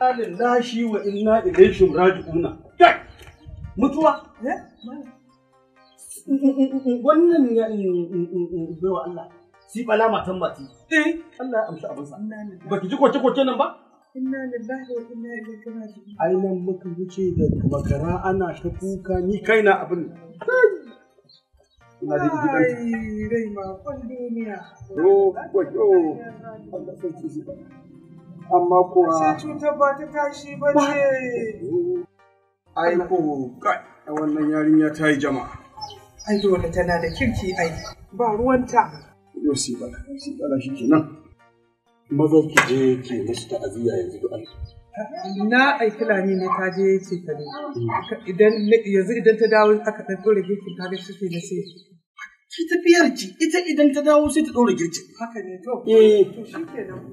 inna lillahi wa inna ilaihi raji'una mutuwa eh? wannan ya wa Allah si bala matan eh Allah ya amshi baki ji koke koke nan ba inna lillahi wa inna ilaihi ai nan muka wuce da makara ana ta kuka ni kaina abin Ina da ɗan. Ai, rai ma, kwan duniya. Oh, oh. Allah sai ki amma kuwa sai cutar ba ta tashi ba ce ai ko kai wannan yarinya ta yi jama'a ai dole tana da kirki ai ba ruwanta yo si ba si ba shi kenan maza ki je ki musu ta'aziyya yanzu da na aiki lami ne ta je ce ka ne mm. idan yanzu idan ta dawo aka dan dore girkin ta ga shi ke sai ki tafiyar ji ita idan ta dawo sai ta ɗora girkin haka ne to eh to shikenan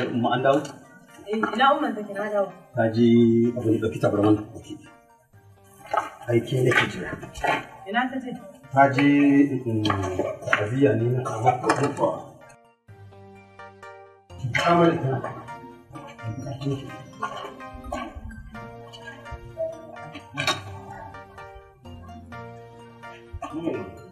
Kai eh, umma an dawo? Ina umman take na dawo. Ta ji abin da kita barman da ke. ne ke jira. Ina ta ce? Ta ji mm, abiya ne na kama a kuma. Kamar ita. Hmm.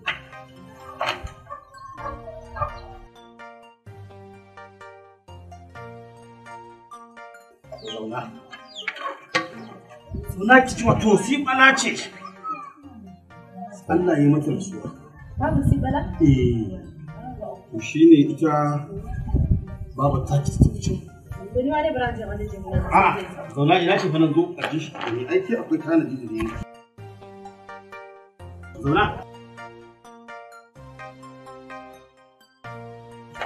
zauna suna ki ci wato si bala ce Allah ya mata rasuwa babu si bala eh shi ne ita babu ta ki ta fice A'a, zauna ina ce fa nan zo a ji shi ne eh, aiki akwai tanadi da ne. Zauna.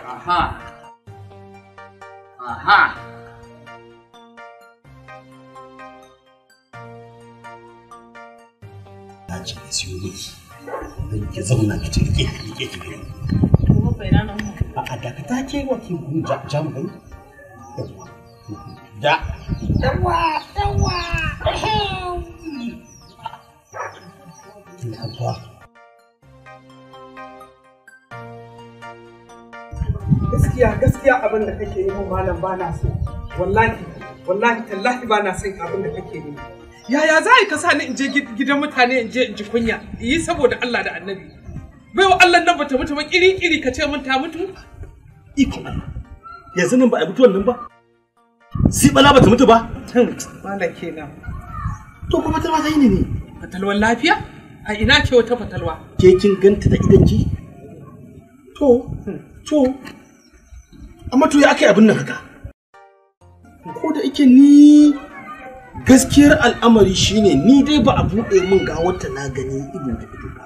Aha. Aha. na ce ki siyo miki dan ki zauna ki tarke ki rike ki gani ko a dakata ke ka wa ki kun jam bai yawa da yawa yawa ina gaskiya gaskiya abin da kake yi malam ba na so wallahi wallahi tallahi ba na son abin da kake yi yaya za ka sa ni in je gidan mutane in je in ji kunya yi saboda Allah da annabi bai wa Allah nan bata mutu ba kiri kiri ka ce mun ta mutu iko Allah yanzu nan ba a mutuwan nan ba si bala bata mutu ba mala kenan to kuma ta ta yi ne fatalwar lafiya a ina ce wata fatalwa ke kin ganta da idan ki to hmm. to amma to ya akai abin nan haka ko da ike ni gaskiyar al'amari shine ni dai ba a buɗe min ga wata na gani ido da ido ba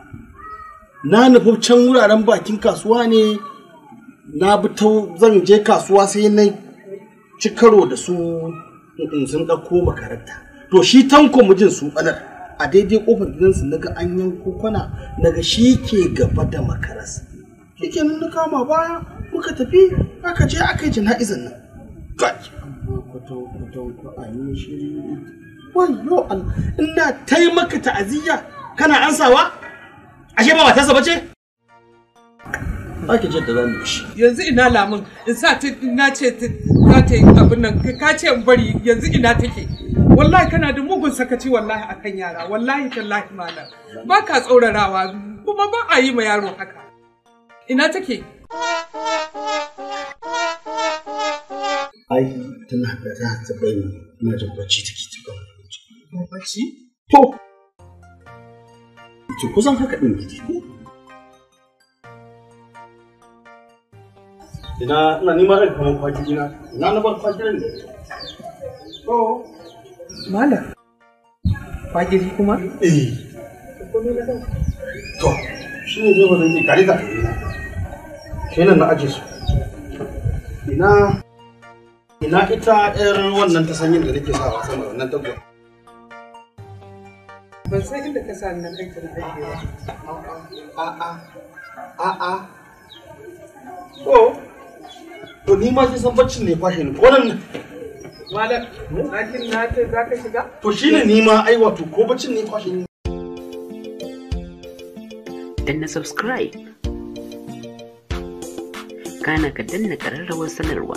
na nufi can wuraren bakin kasuwa ne na bi ta zan je kasuwa sai na ci karo da su in sun ɗauko makaranta to shi tanko mijin su a daidai kofar gidansu na ga an yanko kwana na shi ke gaba da makaras shi ke na kama baya muka tafi aka je aka yi jana'izan nan mutum kuɗaɗen shiri wayo ina taimaka ta'aziyya kana ansawa ashe ba matarsa bace Ake jadda za mu shi. Yanzu ina lamun in sa ta na ce za ta yi abin nan ka ce in bari yanzu ina take. Wallahi kana da mugun sakaci wallahi akan yara wallahi tallahi malam. Ba ka tsaurarawa kuma ba a yi ma yaro haka. Ina take? ai tana da za ta bai na da bacci take ta ba bacci to to kusan haka din gidi ko ina ina ni nima ɗan kamar kwaji ina ina na bar kwajirin da to mala malam kwajiri kuma eh to shi ne zai ba zai kare ka shi ne na aje su ina Ina ita ɗayar wannan ta sanyin da nake sawa sama wannan tagwa. Ban san inda ka sa nan ɗanka na aiki ba. A'a. A'a. ko? To ni ma sai san baccin ne kwashe ni. ne? Malak, ɗakin na ce za ka shiga? To ne ni ma ai wato ko baccin ne fashe ni. Danna subscribe. Kana ka danna ƙararrawar sanarwa.